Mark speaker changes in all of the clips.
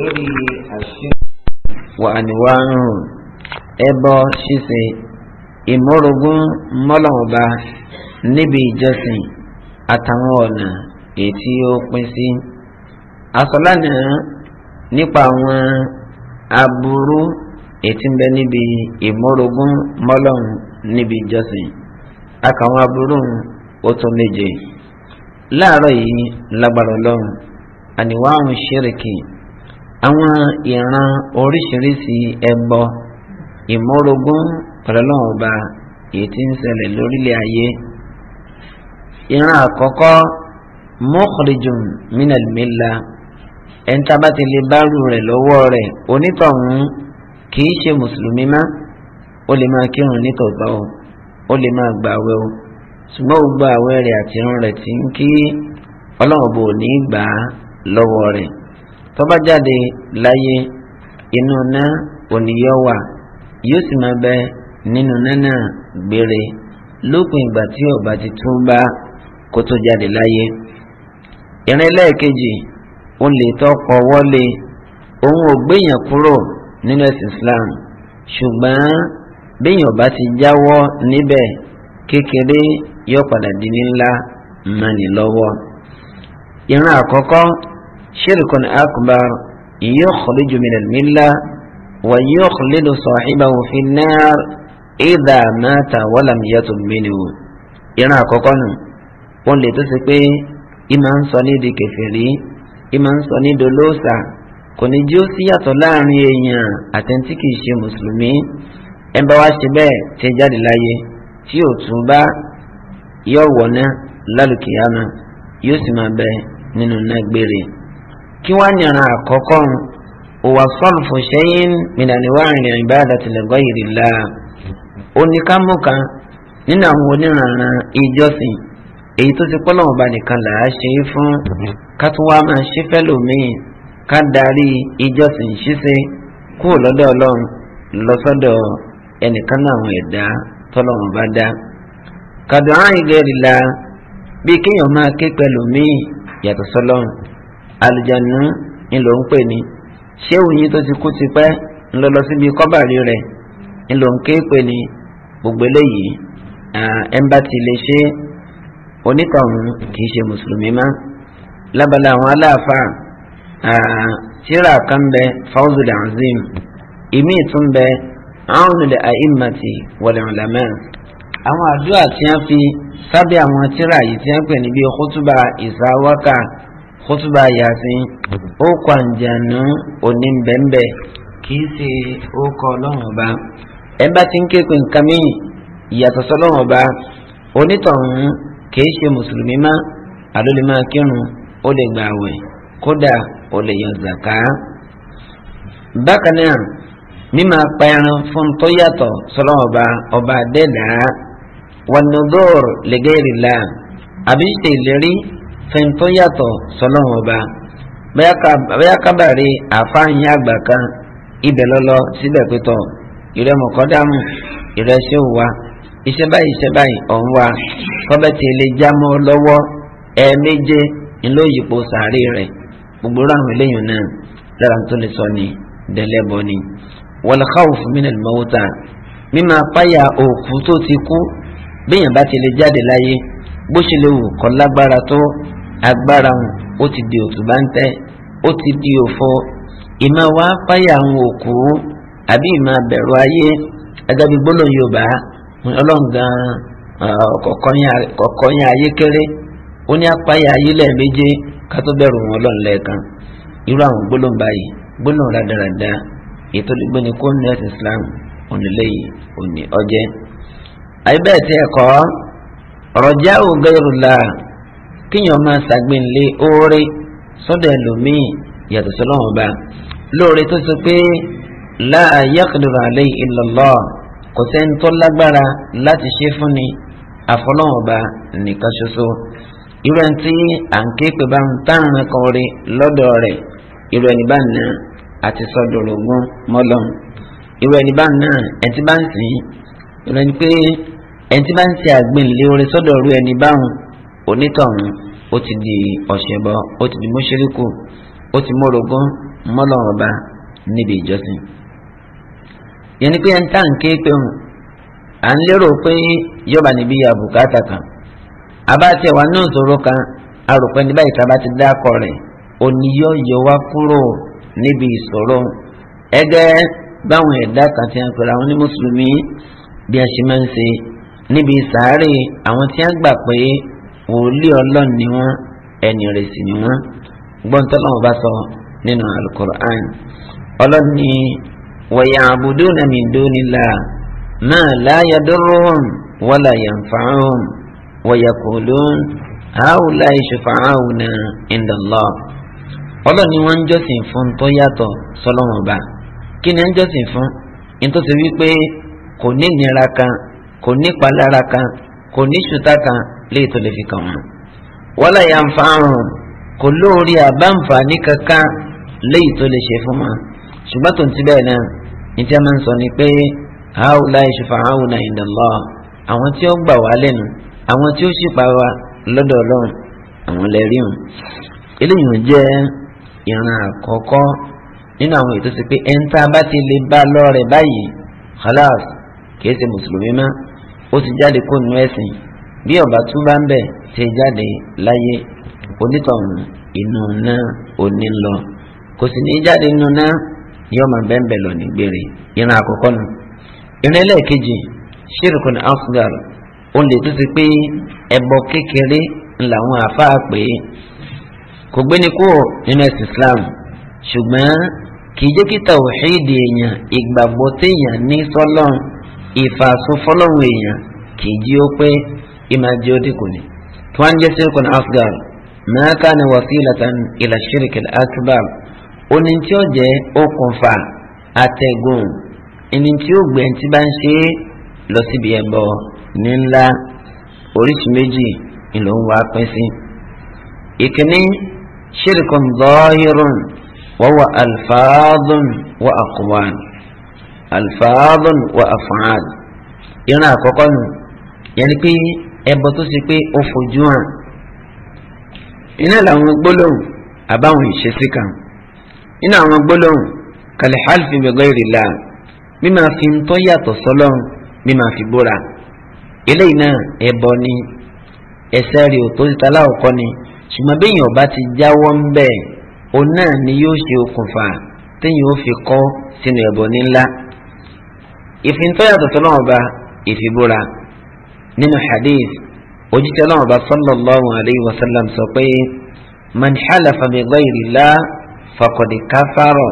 Speaker 1: lórí àṣẹ. wà á ní wàá rùn ẹbọ ṣíṣe ìmọ̀rọ̀gùn mọ́lọ́mọba níbi ìjọsìn àtàwọn ọ̀nà ètí ó pín sí. àsọlánà nípa àwọn aburú ètí ń bẹ níbi ìmọ̀rọ̀gùn mọ́lọ́mù níbi ìjọsìn akàwọn aburú ó tó méje láàárọ̀ yìí lágbára ọlọ́run àníwá àrùn àwọn ìran oríṣiríṣi ẹbọ ìmọ̀rogún ọ̀rọ̀lọ́ọ̀ba èyí tí ń ṣẹlẹ̀ lórílẹ̀ ayé ìran àkọ́kọ́ mukhrijun minal milla ẹ̀ńtàbá ti lè bárù rẹ̀ lọ́wọ́ rẹ̀ onítọ̀hún kìí ṣe mùsùlùmí má ó lè máa kírun nítòótọ́ o ó lè máa gbààwẹ̀ o ṣùgbọ́n ó àwẹ̀ rẹ̀ àti irun rẹ̀ tí ń kí ọlọ́run bò ní gbà á lọ́wọ́ rẹ̀ tó bá jáde láyé inú náà òníyọ́ wà yóò sì máa bẹ nínú nánà gbére lópin ìgbà tí ó bá ti tún bá kó jáde láyé. ìrìn lẹ́ẹ̀kejì ó lè tọ́pọ̀ wọlé òun ò gbéyàn kúrò nínú ẹ̀sìn Islam ṣùgbọ́n béèyàn bá ti jáwọ́ níbẹ̀ kékeré yóò padà di ní ńlá mọ́ni lọ́wọ́. ìrìn àkọ́kọ́ shirkun akbar yukhriju min al-milla wa yukhlidu sahibahu fi an-nar idha mata wa lam yatub minhu ìran àkọ́kọ́ nù wọ́n lè tó ṣe pé ìmọ̀ ń sọ ní di kèfèrí ìmọ̀ ń sọ ní dolóòsà kò ní jí ó sí yàtọ̀ láàrin èèyàn àtẹ̀ntí kìí ṣe mùsùlùmí ẹ bá wá ṣe bẹ́ẹ̀ tí ẹ jáde láyé tí ò tún bá yọ̀ wọ̀ná lálùkìyàmà yóò sì máa bẹ nínú náà gbére kí wọ́n nìran àkọ́kọ́ òwà sọ́ọ̀fù ṣẹ́yìn mìnàníwárin ìbáàdà tìlẹ̀gọ́ ìrìlá oníkámọ́ka nínú àwọn oníranran ìjọsìn èyí tó ti pọ́lọ́ ọba nìkan là á ṣe é fún ká tún wá máa ṣe fẹ́lòmíì ká darí ìjọsìn ṣíṣe kúrò lọ́dọ̀ ọlọ́run lọ́sọ́dọ̀ ẹnìkan náà àwọn ẹ̀dá tọ́lọ́run bá dá kàdùn áyìn gẹ̀rìlá bí kéèyàn máa ké pẹ̀lòmíì yàtọ̀ sọ́lọ́run alìjẹ̀nu ńlọ ń pè ní ṣéwù yìí tó ti kú ti pẹ́ ńlọ lọ síbi kọ́bàrí rẹ̀ ńlọ ń ké pè ní gbogbo eléyìí ẹ̀ńbà ti lè ṣe onítọ̀hún kìí ṣe mùsùlùmí má lábala àwọn aláàfáà tíra kan bẹ fawzul azim ìmí tún bẹ àwọn àìmàtì wal ulama àwọn àdúrà tí wọ́n fi sábẹ́ àwọn tíra yìí tí wọ́n pè ní bí khutba ìsáwákà kótóbá yasin ó kọ òní bẹ́ẹ̀nbẹ́ kì í ṣe kọ ọlọ́run ọba ẹ bá ti ń képe nǹkan míì ìyàtọ̀ sọlọ́run ọba onítọ̀hún kì í ṣe mùsùlùmí má kírun ó lè gbà kódà ó lè yan zàká. bákan náà mímọ apẹran fún ọba ọba wọnúdọ́ọ̀rù la fẹ̀ntọ́ yàtọ̀ sọlọ́wọ́n ọba bẹ́ẹ̀ kábàárẹ̀ àfáàyàn àgbà kan ibẹ̀ lọ́lọ́ síbẹ̀ pẹ̀tọ̀ ìrẹ́mọ̀ kọ́dámù ìrẹsẹ̀ òwa iṣẹ́ báyìí iṣẹ́ báyìí ọ̀hún wa kọ́bẹ̀tì ilé jámọ́ lọ́wọ́ ẹ̀ẹ̀méje ńlọ́yìpọ̀ sàárè rẹ̀ gbogbo ráhùn eléyìí náà lára tó lè sọ ni dẹ́lẹ́bọ ni. wal khawf min al mawta mímọ apáyà òkú tó ti kú bẹ́yàn bá ti lè jáde láyé bó ṣe lè wù kọ́ lágbára tó agbára wọn ó ti di òtún bá ń tẹ́ ó ti di òfo ìmọ̀ wá fáyà àwọn òkú àbí ìmọ̀ bẹ̀rù ayé agabi gbọ́dọ̀ yorùbá ọlọ́run gan-an kọ̀ọ̀kan yẹn ayé kéré ó ní apáyà ayé lẹ́ẹ̀méje ká bẹ̀rù wọn ọlọ́run lẹ́ẹ̀kan irú àwọn gbólóhùn báyìí gbólóhùn rádaràda ètò ìgbóni kóńdẹ́t Islam onílẹ̀yìn òní ọjẹ́ àyíbẹ̀ẹ́tì ẹ̀kọ́ ọ̀rọ̀ jáwó gẹ́rù kéèyàn máa ṣàgbéǹlé oore sọ́dọ̀ ẹlòmíì yàtọ̀ sọ́lọ́run ọba lóore tó sọ pé la yaqdiru alayhi illallah kò sẹ́ni tó lágbára láti ṣe fún ni àfọlọ́run ọba nìkan ṣoṣo irú ẹni tí à ń ké pé bá ń tààrà kan rí lọ́dọ̀ rẹ̀ irú ẹni bá nà àti sọdọ̀rọ̀gún mọ́lọ́ irú ẹni bá nà ẹni tí bá ń sìn irú ẹni pé ẹni tí bá ń ṣe àgbéǹlé oore sọ́dọ̀ ẹni báwọn onítọ̀hún ó ti di ọ̀ṣẹ̀bọ ó ti di mọ́ṣẹ́ríkù ó ti mọ́rogún mọ́lọ́ọ̀ba níbi ìjọsìn. yẹn ni pé ẹni tá à ń ké pé òun à ń lérò pé yọba níbi àbùkátà kan abáàtì ẹ̀wà náà sọ̀rọ̀ kan arùpẹ́ ní báyìí tá a bá ti dákọ̀ rẹ̀ òní yọ wá kúrò níbi ìṣòro ẹgẹ́ báwọn ẹ̀dá kan ti ń pèrè àwọn ní bí a ṣe máa ń ṣe níbi sàárè àwọn tí a gbà pé wòlíì ọlọ́run ni wọ́n ẹni rẹ̀ sì ni wọ́n gbọ́n tó lọ́wọ́ bá sọ nínú alukur'an ọlọ́run ni wọ̀yà àbùdó na min dunillah ma la yadurruhum wala yanfa'uhum wayaqulun haulai shufa'auna indallah ọlọ́run ni wọ́n ń jọ́sìn fún tó yàtọ̀ sọlọ́wọ́n bá kí ni ń jọ́sìn fún nítorí wípé kò ní ìnira kan kò ní ìpalára kan kò ní ìṣùtá kan léè tó lè fi kàn wọn. wala yanfa'uhum kò lóore àbáǹfààní kankan léè tó lè ṣe fún wọn. ṣùgbọ́n tó ń ti bẹ́ẹ̀ náà ní tí a máa ń sọ ni pé haulai shufa'auna inda Allah àwọn tí ó gbà wá lẹ́nu àwọn tí ó sì pa wá lọ́dọ̀ ọlọ́run àwọn lẹ́rí wọn. eléyìí jẹ́ ìran àkọ́kọ́ nínú àwọn ètò sí pé ẹ̀ńtà bá ti lè bá lọ́rẹ̀ báyìí khalas kìí ṣe mùsùlùmí mọ́ ó ti jáde kó nu ẹ̀sìn bí ọba tún bá ń bẹ̀ tẹ jáde láyé onítọ̀hún inú náà ní lọ kò sì ní jáde inú náà yóò máa bẹ́ẹ̀ lọ nígbèrè ìran àkọ́kọ́ nù ìran ẹlẹ́ẹ̀kejì ṣírùkùn asgar ó lè tó ti pé ẹbọ kékeré làwọn àáfàá pé kò Islam ṣùgbọ́n kì í jẹ́ kí èèyàn ìgbàgbọ́ téèyàn ní sọ́lọ́n èèyàn ìmọ̀ jẹ́ ó dínkù ni tí wọ́n ń jẹ́ sirikun asgar ma kana wasilatan ila shirk al-akbar oní tí ó jẹ́ okùnfà àtẹ̀gùn ẹni tí ó gbẹ̀ tí bá ń ṣe é lọ síbi ẹbọ ní ńlá oríṣi méjì ìlú ń wá pín sí. ìkíní shirkun zahirun wa huwa alfaadun wa aqwal alfaadun wa af'al ìran àkọ́kọ́ nù yẹn ni pé ẹbọ tó ṣe pé ó fojú hàn iná làwọn gbólóhùn àbáwọn ìṣesí kan iná àwọn gbólóhùn kàlẹ́hálfì bẹ̀gọ́ ìrìlá mímà fi ń tọ́ yàtọ̀ sọ́lọ́run mímà fi búra eléyìí náà ẹbọ ni ẹsẹ̀ rí o tó ti ta láòkọ́ ni ṣùgbọ́n bí èèyàn bá ti jáwọ́ ń bẹ̀ òun náà ni yóò ṣe okùnfà téèyàn ó fi kọ́ sínú ẹbọ ní ńlá ìfintọ́yàtọ̀ sọ́lọ́run ọba ìfibúra nínú hadith òjíṣẹ́ náà bá sallallahu alayhi wa sallam sọ pé man halafa bi ghayri Allah faqad kafara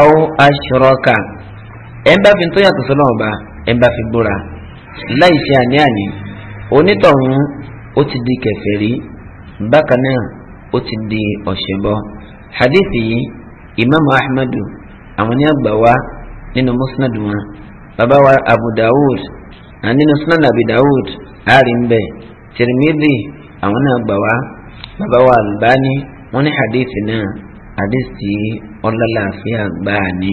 Speaker 1: aw ashraka ẹ̀ ń bá fi tó yàtọ̀ sọ́nà ọba ẹ̀ ń bá fi búra láì ṣe àní-àní onítọ̀hún ó ti di kèfèrí bákan náà ó ti di ọ̀ṣẹbọ hadithi yìí imaamu ahmadu àwọn ní àgbà nínú musnad wọn bàbá abu dawud nínú sunan abi dawud àárín bẹ́ẹ̀ tirimidi àwọn náà gbà wá bàbá wa albani wọn ní hadith náà hadith tí ọlọ́láàfíà gbáà ni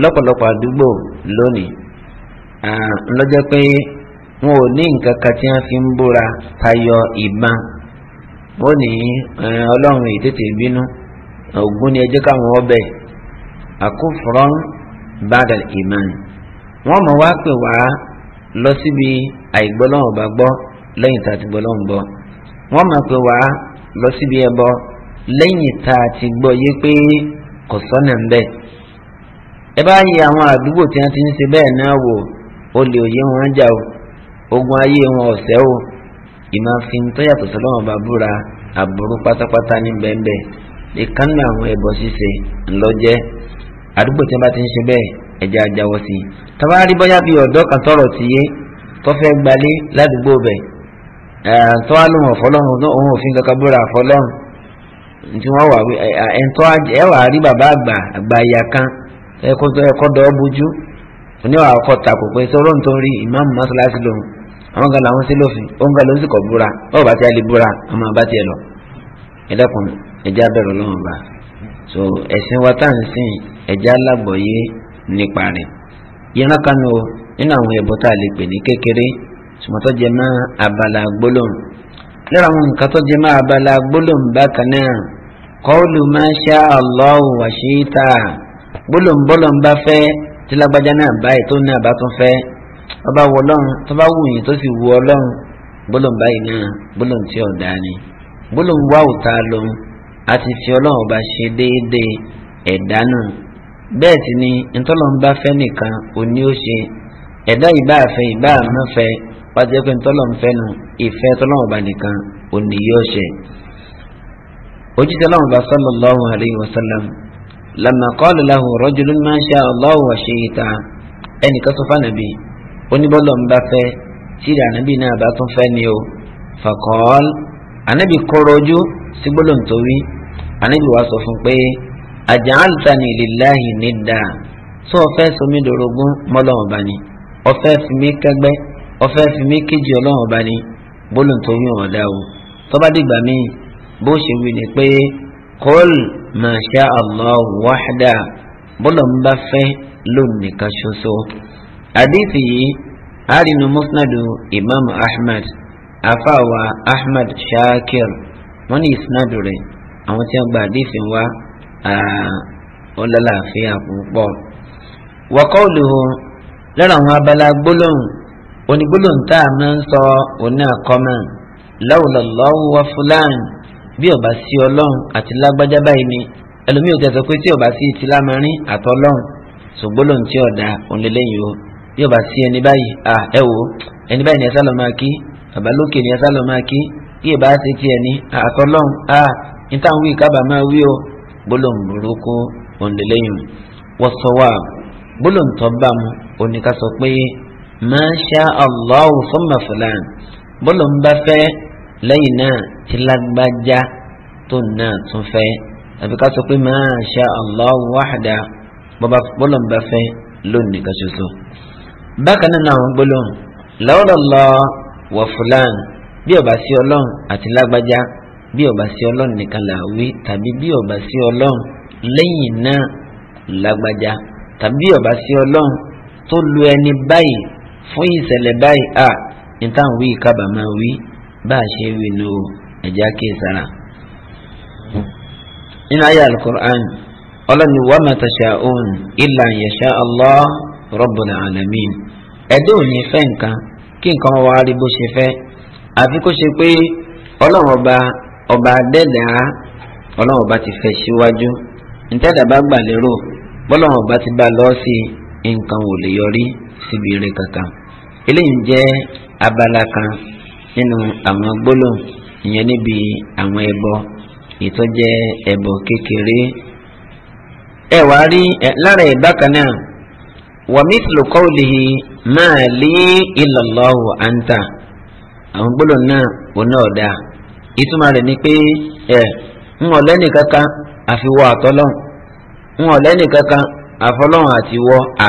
Speaker 1: lọ́pọ̀lọpọ̀ àdúgbò lónìí lọ́jọ́ pé wọn ò ní nǹkan kan tí wọ́n fi ń búra tayọ ìbọn wọ́n ní ọlọ́run ètètè bínú ògún ni ẹjọ́ káwọn ọbẹ̀ àkófòrán bàdàl ìmọ̀ wọ́n mọ̀ wá pè wá lọ síbi àìgbọ́lọ́hùn ọba gbọ́ lẹ́yìn tá a ti gbọ́lọ́hùn gbọ́ wọ́n máa wá lọ síbi ẹbọ lẹ́yìn tá a ti gbọ́ yé pé kò sọ́nà ń àwọn àdúgbò tí wọ́n ti ń ṣe bẹ́ẹ̀ náà wò o ogun ayé wọn ọ̀sẹ́ o tó yàtọ̀ pátápátá ní bẹ́ẹ̀ bẹ́ẹ̀ àwọn ṣíṣe ńlọ àdúgbò tí wọ́n ẹ̀jẹ̀ ajáwọ́ sí i tabaari bóyá bíi ọ̀dọ́ kan tọrọ ti yé tọ́fẹ́ gbalé ládùúgbò bẹ̀ tọ́ àlùmọ̀ ọ̀fọ́lọ́hún òun òfin kankan búra ọ̀fọ́lọ́hún tí wọ́n wà ẹ̀ńtọ́ ẹ̀wà rí bàbá àgbà àgbà ìyá kan ẹ̀kọ́ dọ́ bójú oníwà ọkọ̀ takò pé sọ́rọ́ nítorí rí ìmáàmù mọ́sálásí lòun àwọn kan làwọn sí lófin òun kan ló ń sì kọ̀ búra báwo bá ti alẹ́ búra ọmọ bá tiẹ̀ lọ ẹ̀dẹ́kun ẹ̀já bẹ̀rẹ̀ ọlọ́run bá so ẹ̀sìn wa tá à ń sìn ẹ̀já lágbọ̀ọ́yé nípa rẹ̀ yẹn kanu nínú àwọn ẹbọ tá a lè pè ní kékeré sùmọ́tọ́ jẹ mọ́ abala gbólóhùn lára àwọn nǹkan tó jẹ mọ́ abala gbólóhùn bákan náà kọ́ọ̀lù máa ṣá Allahu wa shi'ta gbólóhùn bọ́lọ́hùn bá fẹ́ tí lágbájá náà báyìí tó náà bá tún fẹ́ ọba wọ ọlọ́run tó bá wù yín tó sì wù ọlọ́run gbólóhùn báyìí náà gbólóhùn tí ọ̀dà ni gbólóhùn wá òta lòun àti fi ọlọ́run ọba ṣe déédéé ẹ̀dá náà bẹ́ẹ̀ sì ni ntọ́lọ́mbà fẹ́ nìkan òní ó ṣe ẹ̀dá ìbá àfẹ́ ìbá àmọ́fẹ́ wájú pé ntọ́lọ́mfẹ́ nu ìfẹ́ tọ́lọ́mọba nìkan òní yóò ṣe. ojúṣe ọlọ́mọba sallallahu alayhi wa sallam lamma qala lahu rajulun ma sha Allahu wa shi'ta ẹnìkan sọ fànàbí oníbọ́lọ́mbà fẹ́ tíra ànábì náà bá tún fẹ́ àjàǹtàní lillahi nidda tó ọ̀fẹ́ sọmi dòrógún mọ́lọ́wọ́n bá ní ọ̀fẹ́ fimi kẹgbẹ́ ọ̀fẹ́ fimi kejì ọlọ́wọ́n bá ní bólú tó yàn ọ́ dá o tọ́ba dìgbà míì bó ṣe wí ni pé kọ́l masha allah wahda bọ́lọ̀ ń bá fẹ́ lónìí kan ṣoṣo. àdìsí yìí àrínú musnadu imam ahmed afáwa ahmed shakir wọ́n ní ìsinadù rẹ̀ àwọn tí wọ́n gba àdìsí wa. Ah, ó lálàáfíà púpọ̀. wọ́kọ́ọ̀lù lọ́rọ̀ àwọn abala gbólóhùn onígbólóhùn tá a máa ń sọ oní àkọ́mọ̀ lọ́wọ́lọ́wọ́ wá fúlàn bí ọba sí ọlọ́run àti lágbájá báyìí ni ẹlòmíì ò tẹ̀sọ̀ pé tí ọba sí ti lámarin àtọ́lọ́run ṣùgbólóhùn tí ọ̀dà òǹlẹ́lẹ́yìn o bí ọba sí ẹni báyìí à ẹ wò ẹni báyìí ni ẹ sálọ máa kí bàbá lókè ni ẹ sálọ máa kí bí ìbá ṣe tiẹ̀ ni àtọ́lọ́run à ní táwọn wí kábàámà wí o gbólóhùn burúkú òǹdílẹ́yìn wọ́sọ̀wà gbólóhùn tó bá mu oníka sọ pé masha allah summa fulan gbólóhùn bá fẹ́ lẹ́yìn náà ti lágbájá tó náà tún fẹ́ àbí ká sọ pé masha allah wahda gbólóhùn bá fẹ́ lónìí kan ṣoṣo. bákan náà àwọn gbólóhùn lawla allah wa bí ọba sí ọlọ́run àti lágbájá bí ọba sí ọlọ́run nìkan là wí tàbí bí ọba sí ọlọ́run lẹ́yìn náà lágbájá tàbí ọba sí ọlọ́run tó lu ẹni báyìí fún ìṣẹ̀lẹ̀ báyìí à níta wí kábàámà wí bá a ṣe wí nu ẹ̀já kéésàrà. nínú ayé alukur'an ọlọ́ni wa ma tasha'un illa an yasha Allah rabbul alamin ẹ̀dẹ́ òní fẹ́ nǹkan kí nǹkan wá rí bó ṣe fẹ́ àfi kó ṣe pé ọlọ́run ọba ọba adẹ́dàá ọlọ́run ọba ti fẹ́ síwájú ntẹ́dàá bá gbà lérò bọ́lọ́run ọba ti bá lọ sí nǹkan ò lè yọrí síbi eré kankan eléyìí jẹ́ abala kan nínú àwọn gbólóhùn ìyẹn níbi àwọn ẹbọ ìtọ́jẹ́ ẹbọ kékeré ẹ wá rí lára ẹ̀ bákan náà wàmísìlù kọ́ọ̀lìhì máa lé ìlọ̀lọ́wọ̀ àǹtà àwọn gbólóhùn náà ò náà dáa. ìtumọ̀ rẹ̀ ni pé ẹ̀ ń ọ̀lẹ́nì kankan àfiwọ́ àtọ́lọ́hùn ń ọ̀lẹ́nì kankan àfọlọ́hùn àti wọ́ à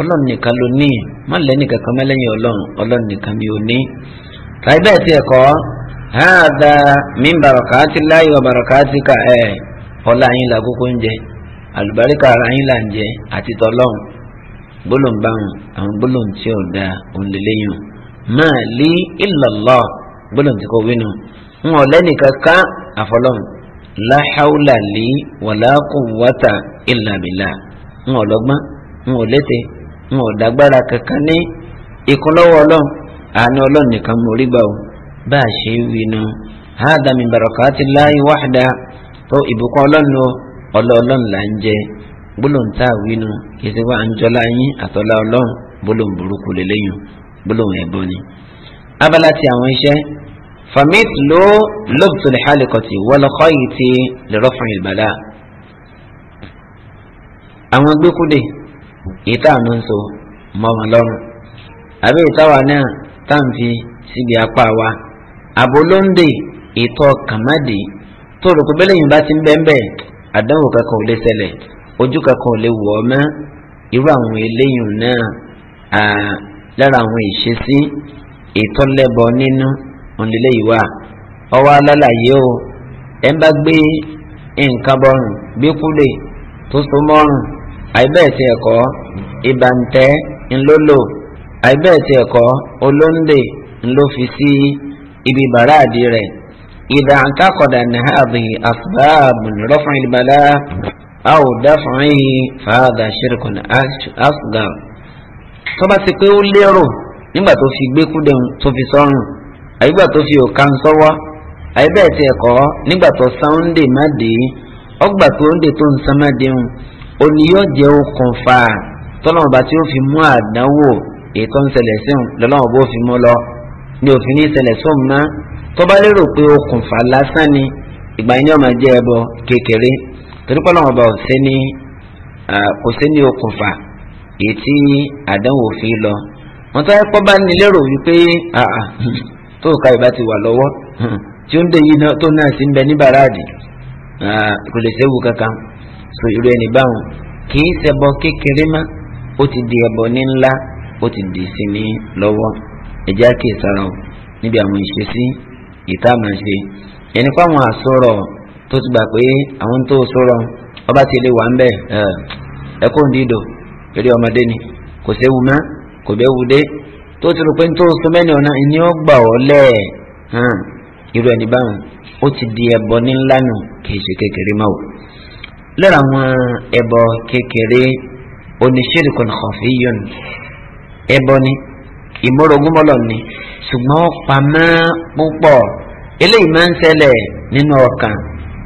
Speaker 1: ọlọ́run nìkan ló ní má mẹ́lẹ́yìn ọlọ́run ọlọ́run nìkan ni ó ní. tàbí bẹ́ẹ̀ tiẹ̀ kọ́ hàdà láyé ka ẹ̀ ọlá yín la kókó ń jẹ àlùbáríkà ara yín là ń jẹ àti tọ́lọ́hùn gbólóhùn àwọn gbólóhùn tí ò dáa òun lè léyìn kò wínú. ń ọ̀lẹ́ nìkan ká àfọlọ́n la hawla li wala quwwata illa billah ń ọ̀lọ́gbọ́n ń ọ̀lẹ́tẹ̀ ń ọ̀dàgbára kankan ní ìkúnlọ́wọ́ ọlọ́run àánú ọlọ́run nìkan mú orí gbà ó bá a ṣe wí nu hada min barakatillahi wahda tó ìbùkún ọlọ́run o ọlọ́ọ̀lọ́run là ń jẹ gbólóhùn wí nu kì wá àǹjọ́lá yín àtọ́lá ọlọ́run gbólóhùn lélẹ́yìn gbólóhùn ẹ̀bọ abala ti àwọn iṣẹ́ فمثل لبس الحلقة والخيط لرفع البلاء àwọn gbẹ́kúdé ìta àánú ń so mọ́ wọn lọ́rùn àbí ìtawà náà táǹfì síbi apá wa àbólóńdè ìtọ́ kàmádì tó rò pé bẹ́lẹ́yìn bá ti ń bẹ́ẹ̀ àdánwò kankan ò lè ṣẹlẹ̀ ojú kankan ò lè wọ̀ ọ́ mọ́ irú àwọn eléyìn náà lára àwọn ìṣesí ìtọ́lẹ́bọ nínú ònlélẹ ìwà ọwọ alálàyé o ẹ ń bá gbé nǹkan bọrùn bí kúlè tó so mọrùn àìbẹ́ẹ̀tì ẹ̀kọ́ ìbàǹtẹ́ ńlọ́lò àìbẹ́ẹ̀tì ẹ̀kọ́ olóńdè ńlọ́fi sí ibi bàràdì rẹ̀ ìdá àǹtàkọ̀dà nìhàbì àfbáàbù rọ́fún ìbàlá àwò dáfún yìí fàádà ṣírkùn asgar tó bá ti pé ó lérò nígbà tó fi gbé kúdẹ̀ tó fi sọ́rùn àyígbà tó fi òkan sọ́wọ́ àyíbẹ̀ ti ẹ̀kọ́ nígbà tó sáńdè má dé ọgbà tó ń dè tó ń sán má déhùn òní yóò jẹ́ okùnfà tọ́lọ́mọ̀ bá tí ó fi mú àdánwò ètò ń ṣẹlẹ̀ síhùn lọ́lọ́mọ̀ bó fi mú lọ ní òfin ní ṣẹlẹ̀ sóhùn ná tó lérò pé okùnfà lásán ni ìgbà yín ọmọ jẹ́ ẹbọ kékeré torí pọ́lọ́mọ̀ bá kò sí ní okùnfà èyí tí àdánwò fi lọ wọ́n tọ́ ẹ̀kọ́ bá ní lérò wípé tó ka ìbá ti wà lọ́wọ́ hmm. tí ó ń dé yìí náà tó náà sí ń bẹ ní bàràdì kò lè séwu kankan so irú ẹni ti di ẹbọ ní ńlá ó ti di sí ní lọ́wọ́ ẹ̀já kì í sára o níbi àwọn ìṣesí ìta máa ṣe ẹni fáwọn àsọ̀rọ̀ tó ti gbà pé àwọn tó sọ̀rọ̀ ọba ti lè wà ń ń ni kò má kò bẹ́ẹ̀ wù tó ti rò pé tó so mẹ́ni ọ̀nà ìní ó gbà ọ́ lẹ̀ hàn irú ẹni báwọn ó ti di ẹbọ ní ńlá nù kì í ṣe kékeré mọ́ o lára àwọn ẹbọ kékeré oníṣirikun khafiyun ẹbọ ni ìmọ̀rọ̀gúnmọ́lọ̀ ni ṣùgbọ́n ó púpọ̀ eléyìí máa ń ṣẹlẹ̀ nínú ọkàn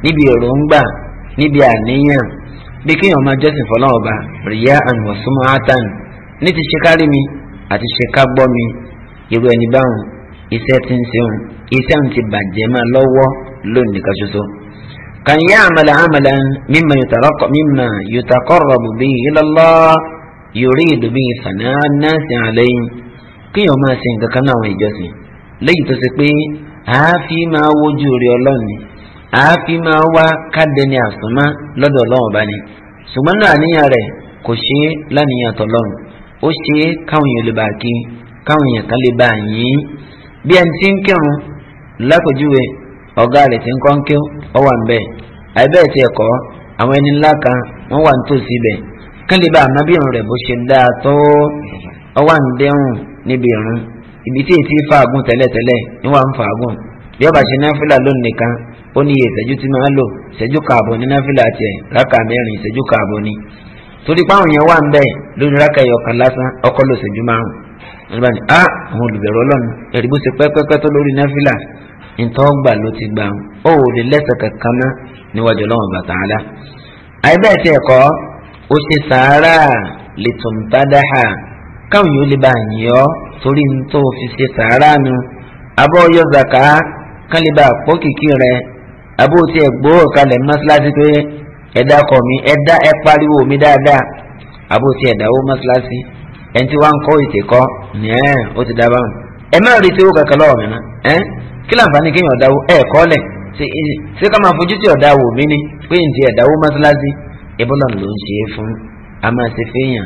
Speaker 1: níbi èròǹgbà níbi àníyàn bí kéèyàn máa jọ́sìn fọlọ́ọ̀ba rìyá an wa sum'atan ní ti ṣe kárí mi àti ṣe ká gbọ́ mi irú ẹni báwọn iṣẹ́ ti ń ṣeun iṣẹ́ ń ti bàjẹ́ máa lọ́wọ́ lónìí kan ṣoṣo. kàn yá àmàlà àmàlà mímọ yòtàkọ́rọ̀bù bíi ilọ́lọ́ yorí ìlú bíi sànà náàsì àlẹ́yìn kéèyàn máa ṣe nǹkan kan náà ìjọsìn lẹ́yìn tó ṣe pé àáfi máa wojú rí ọlọ́ọ̀ni àáfi máa wá kádẹni àsùnmá lọ́dọ̀ ọlọ́run bá ní ṣùgbọ́n náà àníyàn rẹ̀ kò ṣe é lánìyàn tọ́lọ́run ó ṣe é káwọn èèyàn lè bá kí káwọn èèyàn kan lè bá yín bí ẹni tí ń kírun lápèjúwe ọ̀gá ti ń kọ́ ń kí ọ wà ń bẹ̀ àìbẹ́ẹ̀ tí ẹ̀kọ́ àwọn ẹni ńlá kan wọ́n wà ibẹ̀ lè bá bó ṣe dáa tó ọ wà ń ibi tí ètí fàágùn tẹ́lẹ̀tẹ́lẹ̀ ni wà ń fàágùn bí ọba ṣe náfìlà lónìí nìkan ó ní ìṣẹ́jú tí máa lò ìṣẹ́jú kààbọ̀ ní náfìlà tiẹ̀ ni torí pé àwọn èèyàn wà ń bẹ̀ lórí rákà yìí ọ̀kan lásán ọkọ ló ṣèjú márùn wọn bá ní a ah, àwọn olùbẹ̀rù ọlọ́run ẹ̀rí bó ṣe pẹ́pẹ́pẹ́ tó lórí náfìlà ìtọ́gbà ló ti gbà ó ò lè lẹ́sẹ̀ kankan ná níwájú ọlọ́run bàtà ńlá. àìbẹ́ẹ̀ tí ẹ̀kọ́ ó ṣe sàárà lè tún bá dáhà káwọn yóò lè bá yìn ọ́ torí ní tó fi ṣe sàárà nu abọ́ yọ zàká kán lè rẹ abó tí ọ̀kalẹ̀ mọ́ṣáláṣí pé ẹ̀dá kọ̀ mi ẹ̀dá ẹ pariwo mi dáadáa àbòsí ẹ̀dáwó mọ́ṣáláṣí ẹ̀ ń tí wọ́n ń kọ́ ètè kọ́ nìyẹn ó ti dábàá ẹ má rí tí owó kankan lọ́wọ́ mi ná ẹ́ kí láǹfààní kéèyàn dáwó ẹ̀ kọ́ lẹ̀ ṣé ká máa fojú sí ni pé n ti ẹ̀dáwó mọ́ṣáláṣí ìbọ́lọ̀ ló ń ṣe é fún a máa ṣe fẹ́yàn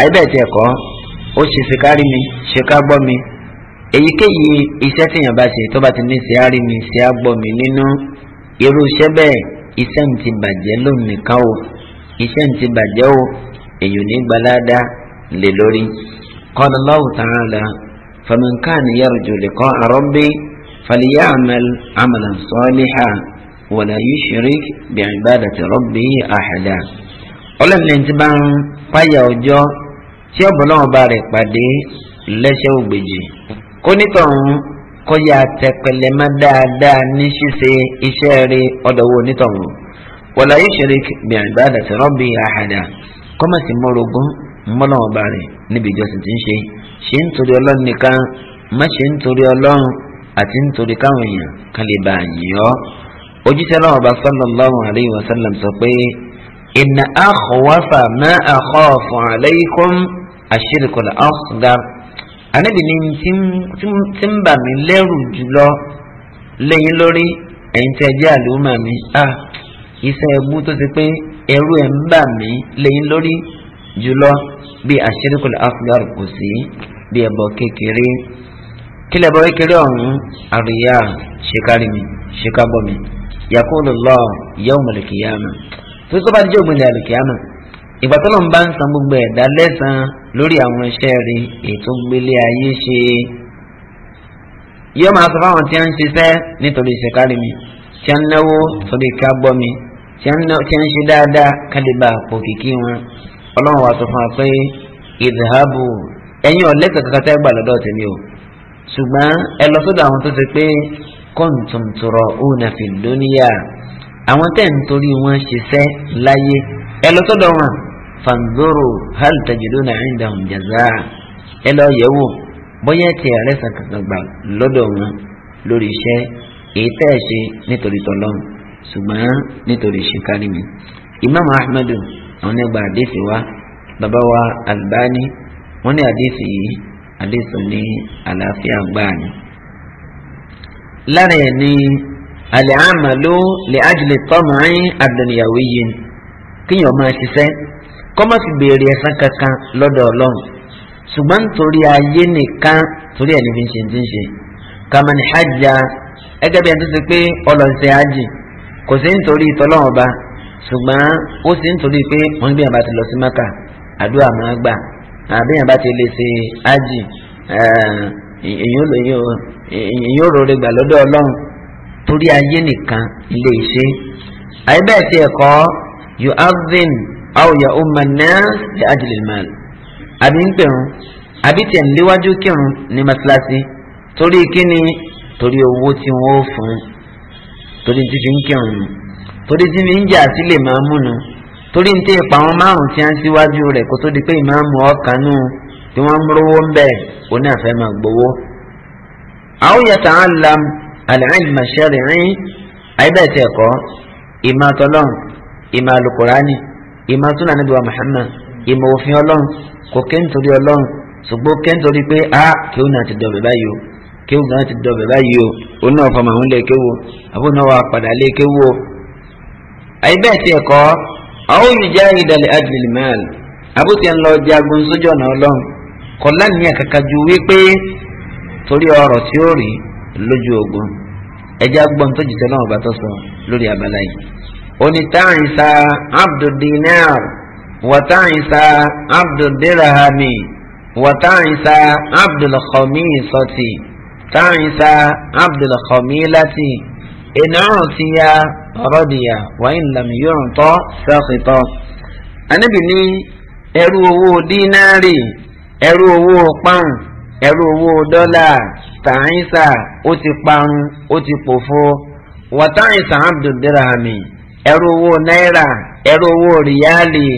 Speaker 1: àyíbẹ̀ tiẹ̀ kọ́ ó ṣe ṣèkárí mi ṣèká gbọ́ mi èyíkéyìí iṣẹ́ tíyàn bá ṣe tó bá ti ní ṣeárí mi ṣeá gbọ́ mi nínú irú iṣẹ́ bẹ́ẹ̀ iṣẹ́ ń ti bàjẹ́ lónìí kan o iṣẹ́ ń ti bàjẹ́ o èyàn ní gbalada lè lórí. Qala Allahu ta'ala faman kana yarju liqa'a rabbi falya'mal 'amalan salihan wa la yushrik bi'ibadati rabbihi ahada. ọlọ́run lẹ́yìn tí bá ń páyà ọjọ́ tí ọ̀bọ̀lọ́wọ́n bá rẹ̀ pàdé lẹ́sẹ̀ ògbèjì kó nítọ̀hún kọ́ ya tẹpẹlẹ má dáadáa ní ṣíṣe iṣẹ́ rẹ̀ ọ̀dọ̀wọ́ nítọ̀hún wala yushrik bi ibadati rabbi ahada kọ́mọ̀sí mọ́rogún mọ́lọ́wọ́n bá rẹ̀ níbi ìjọsìn tí ń ṣe ṣe ń torí ọlọ́run nìkan má ṣe ń torí ọlọ́run àti ń torí káwọn èèyàn kan lè bá yìí ọ́ ojúṣe náà ọba sallallahu alayhi wa sallam sọ pé inna akhwafa ma akhafu alaykum àṣírìkọlà ọ̀sùgàr anábìíní tí ń bà mí lẹ́rù jùlọ lẹ́yìn lórí ẹ̀yin tí ẹ mi a iṣẹ́ ẹbú tó ti pé ẹrú ẹ̀ ń bà mí lẹ́yìn lórí bi bí àṣírìkọlà ọ̀sùgàr kò sí bí ẹbọ kékeré kílẹ̀ bọ́ kékeré ọ̀hún àríyá ṣèkárí mi ṣèkábọ̀ mi yàkúlù lọ́ọ̀ yẹ́wùmọ̀lẹ̀kìyàmù tó tó bá dé ògbìn àlùkìyàmù ìgbà tó lọ́n bá ń san gbogbo ẹ̀dá lẹ́sàn-án lórí àwọn iṣẹ́ rẹ̀ ètò gbélé ayé ṣe yóò máa sọ fáwọn tí a ń ṣiṣẹ́ nítorí ìṣèkárí mi tí a ń náwó torí ká gbọ́ mi tí a ń ṣe dáadáa kálíbà pò kìkì wọn ọlọ́run wàá sọ fún wa pé ìdìhábù ẹ̀yin ọ̀lẹ́sẹ̀ kankan tẹ́ gbà lọ́dọ̀ tèmi o ṣùgbọ́n ẹ lọ sọ́dọ̀ àwọn tó ṣe pé kọ́ǹtùntùrọ̀ ònà fìdóníyà àwọn tẹ̀ ń torí wọn ṣiṣẹ́ láyé ẹ lọ sọ́dọ̀ wọn fanzoro hal tajiduna indahum jazaa ẹ lọ yẹ̀ wò bóyá ti ààrẹ sàkàkà gbà lọ́dọ̀ wọn lórí iṣẹ́ èyí tẹ́ ẹ ṣe nítorí tọ́lọ́run ṣùgbọ́n nítorí ṣìkárí mi imam ahmadu àwọn nígbà àdéhìí wa bàbá wa albani wọ́n ní àdéhìí yìí àdéhìí ní àlàáfíà gbáà lára ẹ̀ ní al-amalu li ajli tam'in ad-dunyawiyyin kíyàn máa ṣiṣẹ́ kọ́mọ̀ sì béèrè ẹ̀san kankan lọ́dọ̀ ọlọ́run ṣùgbọ́n torí ayé nìkan torí ẹ̀ níbi ṣe ti ń ṣe kàmáni hajj ẹgẹ́ bí ẹni tó ṣe pé ọlọ́ọ̀ṣẹ́ hajj kò sí nítorí tọ́lọ́run ọba ṣùgbọ́n ó sì nítorí pé wọ́n gbìyànjú bá ti lọ sí maka àdúrà máa gbà àbíyàn bá ti lè ṣe hajj eh, èyí ò gbà lọ́dọ̀ ọlọ́run torí ayé nìkan ilé iṣẹ́ àyè ti ẹ̀kọ́ yu'adhin aw ya umma an-nas li ajli al-mal àbí ń pẹ̀rùn àbí tẹ̀ ń léwájú kírun ní masilasi torí kíni torí owó tí wọ́n ó fún torí tí fi ń kírun nù torí tí fi ń jà sílẹ̀ máa mú nu torí ń tẹ́ ìpàwọn márùn-ún di pé ìmáàmù ọ̀kanú tí wọ́n ń rówó ń bẹ̀ oní àfẹ́ máa gbowó. aw yata'allam al-ilma shar'i àyíbẹ̀ tẹ̀ kọ́ ìmọ̀ àtọ́lọ́n ìmọ̀ àlùkùránì ìmọ̀ súnà níbi wa Muhammad ìmọ̀ òfin ọlọ́run kò ké nítorí ọlọ́run ṣùgbọ́n ké nítorí pé a kí ó náà ti dọ̀bẹ̀ báyìí o kí ó náà ti dọ̀bẹ̀ báyìí o ó náà fọmọ àwọn ilé kéwo àbó náà wà padà lé kéwo. àyè bẹ́ẹ̀ tiẹ̀ kọ́ àwọn olùjẹ́ ìdàlẹ̀ adìlì mẹ́rin àbúté ń lọ jagun sójú ọ̀nà ọlọ́run kọ́ lánìí àkàkà ju wípé torí ọrọ̀ tí ó rí lójú ogun ẹja gbọ́n tó jìtẹ́ náà onítàǹsà abduldinar wàtàǹsà abduldirahami wàtàǹsà abdulkhomisoti tàǹsà abdulkhomilati ìnáàtìyà rọ́dìyà wàyìn làmìyọ̀ntọ́ sàkìtọ́. anábì ní ẹrú owó dínárì ẹrú owó pọ́ùn ẹrú owó dọ́là tàǹsà ó ti parun ó ti pòfo wàtàǹsà abduldirahami ẹrú owó náírà ẹrú owó rìálì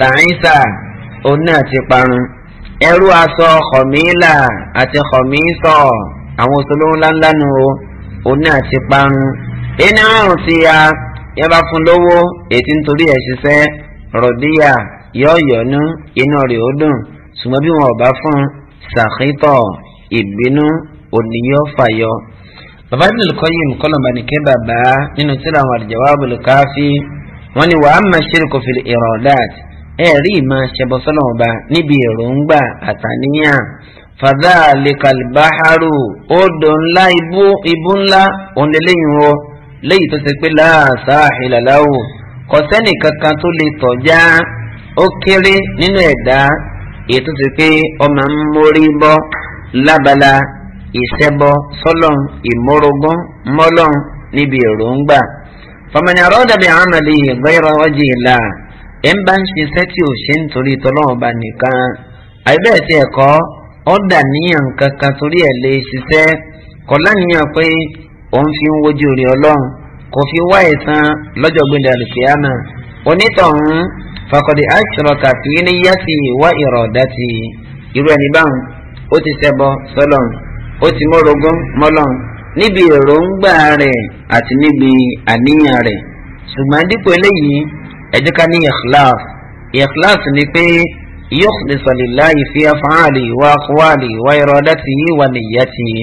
Speaker 1: tàìsà òun náà ti parun ẹrú aṣọ kọ̀míìlà àti kọ̀míìsọ̀ àwọn òṣèlú ńláńlá nu o òun náà ti parun ẹni àrùn ti ya yẹn bá fún lówó ètí nítorí ẹ̀ ṣiṣẹ́ rọ̀díyà yọ̀ọ̀yọ̀nú inú ó dùn ṣùgbọ́n bí wọn ò bá fún ṣàkítọ̀ ìbínú òníyọ́ fàyọ bàbá Ibn al-Qayyim kọ́lọ̀mbà nìkẹ́ bàbá nínú tíra àwọn al-Jawabul Kafi wọ́n ní wa amma shirku fil iradat ẹ̀ rí ìmọ̀ ṣẹbọsọ́lọ́mọba níbi èròǹgbà àtàníyàn fadhalika al-baharu odò ńlá ibú ńlá òǹdẹ́lẹ́yìn o léyìí tó ṣe pé la sahila lahu kò kankan tó lè tọ̀já ó kéré nínú ẹ̀dá èyí tó pé ọmọ mórí bọ́ lábala ìṣẹ́bọ sọ́lọ́n ìmórogún mọ́lọ́n níbi èròǹgbà fọmọnì àrọ́dàbí àmàlì ìgbẹ́rọ ọjì ìlà ẹ̀ ń bá ń ṣiṣẹ́ tí ò ṣe ń torí tọ́lọ́wọ́n bá nìkan àìbẹ́ẹ̀ tí ẹ̀kọ́ ọ̀dà níyàn kankan torí ẹ̀ lè ṣiṣẹ́ kọ́lá níyàn pé òun fi ń wojú rí ọlọ́run kò fi wá ẹ̀san lọ́jọ́ gbẹ̀dẹ̀ àlùkìyàmà onítọ̀hún fakọ̀dé àṣìrọ̀kà fi ní yá ti wá ìrọ̀dá ti irú ẹni báwọn ó ti ṣẹbọ sọ́lọ́run ó ti mọ́rogún mọ́lọ́run níbi èròǹgbà rẹ̀ àti níbi àníyàn rẹ̀ ṣùgbọ́n dípò eléyìí ẹ ká ní ikhlas ikhlas ni pé yukhlisu lillahi fi af'ali wa aqwali wa iradatihi wa niyyatihi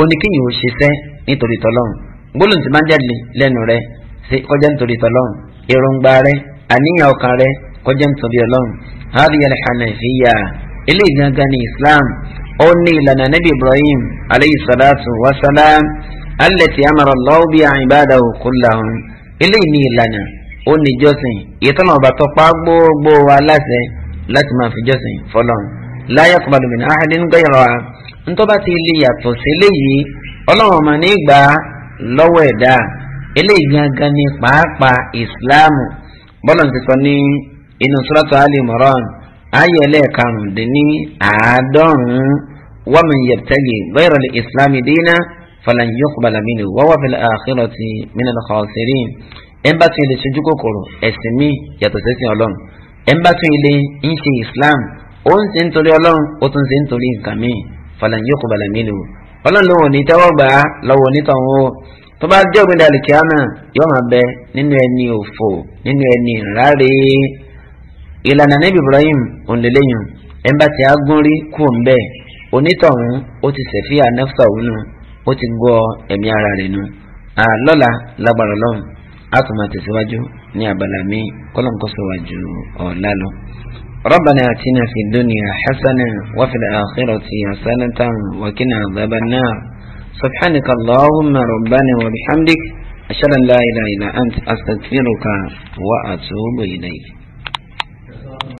Speaker 1: oníkéyìí ò ṣiṣẹ́ nítorí tọ́lọ́run gbólóhùn tí máa ń jáde lẹ́nu rẹ̀ ṣe kọjá nítorí tọ́lọ́run èròǹgbà rẹ̀ àníyàn ọkàn rẹ̀ kọjá nítorí ọlọ́run hadiya al ni islam ó ní ìlànà nabi ibrahim aleyhi salatu wa salam allati amara Allahu bi ibadahu kullahum eléyìí ní ìlànà ó ní jọ́sìn ìyẹ́tọ́nà ọba tó pa gbogbo wa láṣẹ láti máa fi jọ́sìn fọlọ́n la yaqbalu min ahadin ghayraha ntọ́ba ti lè yàtọ̀ sí eléyìí ọlọ́run ọmọ ní gbà lọ́wọ́ ẹ̀dá eléyìí gangan ni pàápàá ìsìláàmù bọ́lá ti sọ ní inú suratu Ali Imran ayé ẹlẹ́ẹ̀karùndínní àádọ́rùn-ún wa man yabtaghi ghayra al-islami dina falan yuqbala minhu wa huwa fil akhirati minal khasirin ẹnba tún ilé ṣojú kòkòrò ẹ̀sìn mi yàtọ̀ sẹ́sìn ọlọ́run ẹnba ilé ń ṣe islam ó ń ṣe nítorí ọlọ́run ó tún ṣe nítorí nǹkan mi falan yuqbala minhu ọlọ́run lòun ní tẹ́wọ́ gbà á lọ́wọ́ onítọ̀hún o tó bá dé ògbìn dàlùkìá náà yóò ìlànà níbi Ibrahim òǹlẹ́lẹ́yìn ẹ̀ńbà tí a gún rí kù ń bẹ́ẹ̀ onítọ̀hún ó ti sẹ̀fíà nẹ́fà òun ó ti gọ́ ẹ̀mí ara rẹ̀ nu àlọ́la lágbára lọ́hùn a tún máa tẹ̀síwájú ní abala mi kọ́lọ́nkọ́sọ̀wájú ọ̀la lọ. ربنا آتنا في الدنيا حسنة وفي الآخرة حسنة وقنا عذاب النار سبحانك اللهم ربنا وبحمدك أشهد أن لا إله إلا أنت أستغفرك وأتوب إليك